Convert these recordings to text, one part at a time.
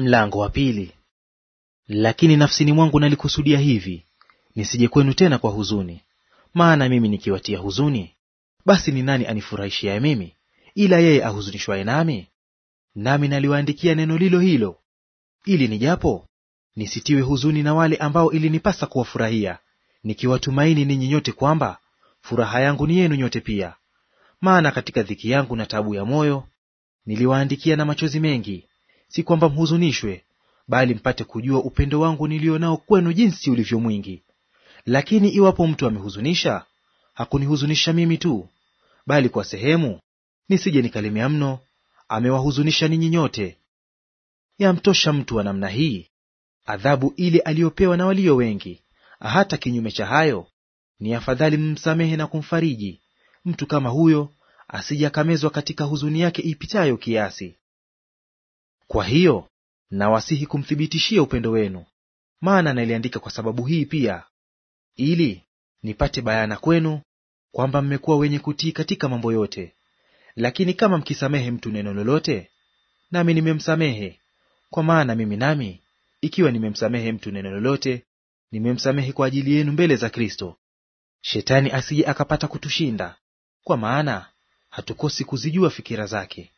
Mlango wa pili. Lakini nafsini mwangu nalikusudia hivi, nisije kwenu tena kwa huzuni. Maana mimi nikiwatia huzuni, basi ni nani anifurahishiaye mimi, ila yeye ahuzunishwaye nami? Nami naliwaandikia neno lilo hilo, ili nijapo nisitiwe huzuni na wale ambao ilinipasa kuwafurahia, nikiwatumaini ninyi nyote kwamba furaha yangu ni yenu nyote pia. Maana katika dhiki yangu na taabu ya moyo niliwaandikia na machozi mengi si kwamba mhuzunishwe, bali mpate kujua upendo wangu nilio nao kwenu jinsi ulivyo mwingi. Lakini iwapo mtu amehuzunisha, hakunihuzunisha mimi tu, bali kwa sehemu, nisije nikalemea mno, amewahuzunisha ninyi nyote. Yamtosha mtu wa namna hii adhabu ile aliyopewa na walio wengi. Hata kinyume cha hayo, ni afadhali mmsamehe na kumfariji mtu kama huyo, asijakamezwa katika huzuni yake ipitayo kiasi. Kwa hiyo nawasihi kumthibitishia upendo wenu. Maana naliandika kwa sababu hii pia, ili nipate bayana kwenu kwamba mmekuwa wenye kutii katika mambo yote. Lakini kama mkisamehe mtu neno lolote, nami nimemsamehe; kwa maana mimi nami, ikiwa nimemsamehe mtu neno lolote, nimemsamehe kwa ajili yenu mbele za Kristo, Shetani asije akapata kutushinda, kwa maana hatukosi kuzijua fikira zake.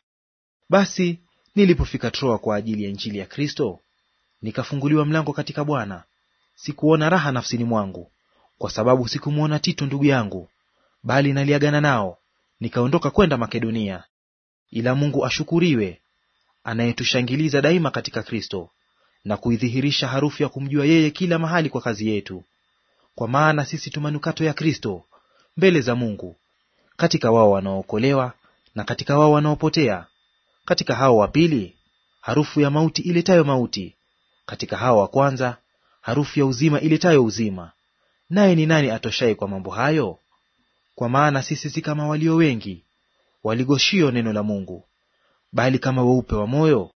Basi Nilipofika Troa kwa ajili ya injili ya Kristo, nikafunguliwa mlango katika Bwana. Sikuona raha nafsini mwangu, kwa sababu sikumwona Tito ndugu yangu, bali naliagana nao, nikaondoka kwenda Makedonia. Ila Mungu ashukuriwe, anayetushangiliza daima katika Kristo, na kuidhihirisha harufu ya kumjua yeye kila mahali kwa kazi yetu. Kwa maana sisi tumanukato ya Kristo mbele za Mungu, katika wao wanaookolewa na katika wao wanaopotea, katika hao wa pili harufu ya mauti iletayo mauti, katika hao wa kwanza harufu ya uzima iletayo uzima. Naye ni nani atoshaye kwa mambo hayo? Kwa maana sisi si kama walio wengi waligoshio neno la Mungu, bali kama weupe wa moyo,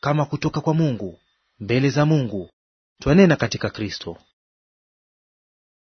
kama kutoka kwa Mungu, mbele za Mungu twanena katika Kristo.